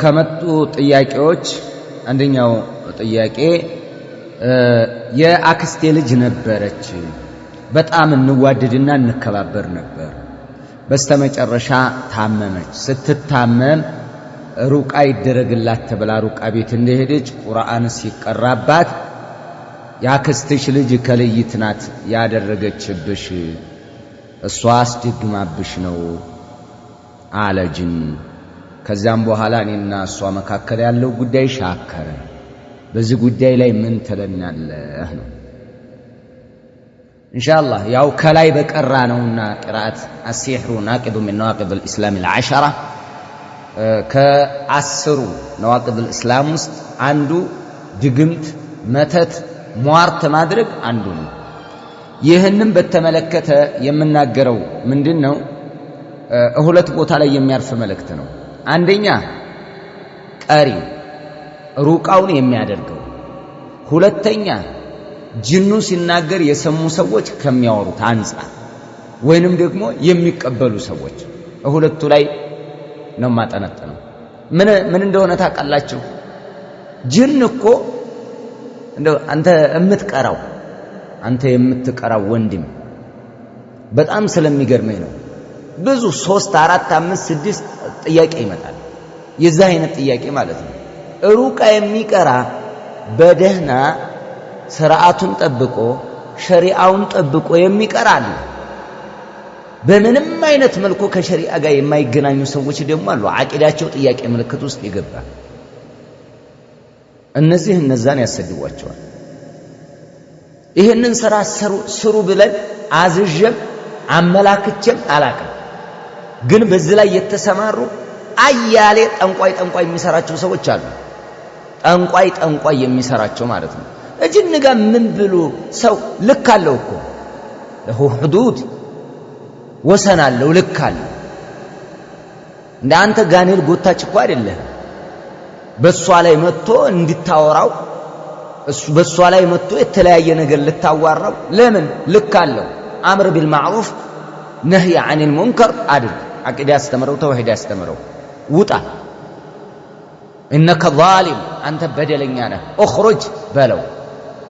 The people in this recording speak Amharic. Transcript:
ከመጡ ጥያቄዎች አንደኛው ጥያቄ የአክስቴ ልጅ ነበረች። በጣም እንዋደድና እንከባበር ነበር። በስተመጨረሻ ታመመች። ስትታመም ሩቃ ይደረግላት ተብላ ሩቃ ቤት እንደሄደች ቁርአን ሲቀራባት የአክስትሽ ልጅ ከልይት ናት ያደረገችብሽ፣ እሷ አስደግማብሽ ነው አለ ጅን ከዚያም በኋላ እኔና እሷ መካከል ያለው ጉዳይ ሻከረ። በዚህ ጉዳይ ላይ ምን ትለናለህ ነው። ኢንሻአላህ ያው ከላይ በቀራ ነውና ቅራአት አሲሕሩ ናቂዱ ሚን ነዋቂድ ልእስላም ልዓሸራ ከአስሩ ነዋቂድ ልእስላም ውስጥ አንዱ ድግምት፣ መተት፣ ሟርት ማድረግ አንዱ ነው። ይህንም በተመለከተ የምናገረው ምንድን ነው? ሁለት ቦታ ላይ የሚያርፍ መልእክት ነው። አንደኛ ቀሪ ሩቃውን የሚያደርገው፣ ሁለተኛ ጅኑ ሲናገር የሰሙ ሰዎች ከሚያወሩት አንጻር ወይንም ደግሞ የሚቀበሉ ሰዎች ሁለቱ ላይ ነው ማጠነጥነው። ምን ምን እንደሆነ ታውቃላችሁ? ጅን እኮ እንደው አንተ የምትቀራው አንተ የምትቀራው ወንድም በጣም ስለሚገርመኝ ነው። ብዙ ሶስት አራት አምስት ስድስት ጥያቄ ይመጣል። የዛ አይነት ጥያቄ ማለት ነው። ሩቃ የሚቀራ በደህና ስርዓቱን ጠብቆ ሸሪዓውን ጠብቆ የሚቀራ አለ። በምንም አይነት መልኩ ከሸሪዓ ጋር የማይገናኙ ሰዎች ደግሞ አሉ። አቂዳቸው ጥያቄ ምልክት ውስጥ ይገባ። እነዚህ እነዛን ያሰድቧቸዋል። ይህንን ስራ ስሩ ብለን አዝዤም አመላክቼም አላቅም። ግን በዚህ ላይ የተሰማሩ አያሌ ጠንቋይ ጠንቋይ የሚሰራቸው ሰዎች አሉ። ጠንቋይ ጠንቋይ የሚሰራቸው ማለት ነው። እጅን ጋ ምን ብሎ ሰው ልክ አለው እኮ ለሁ ሕዱድ ወሰን አለው፣ ልክ አለው። እንደ አንተ ጋኔል ጎታች እኮ አይደለህ። በእሷ ላይ መጥቶ እንድታወራው እሱ በእሷ ላይ መጥቶ የተለያየ ነገር ልታዋራው ለምን ልክ አለው። አምር ቢልማዕሩፍ ነህይ አኒል ሙንከር አድርግ عقيده استمروا توحيد استمروا وطا انك ظالم انت بدلنيانه اخرج بلو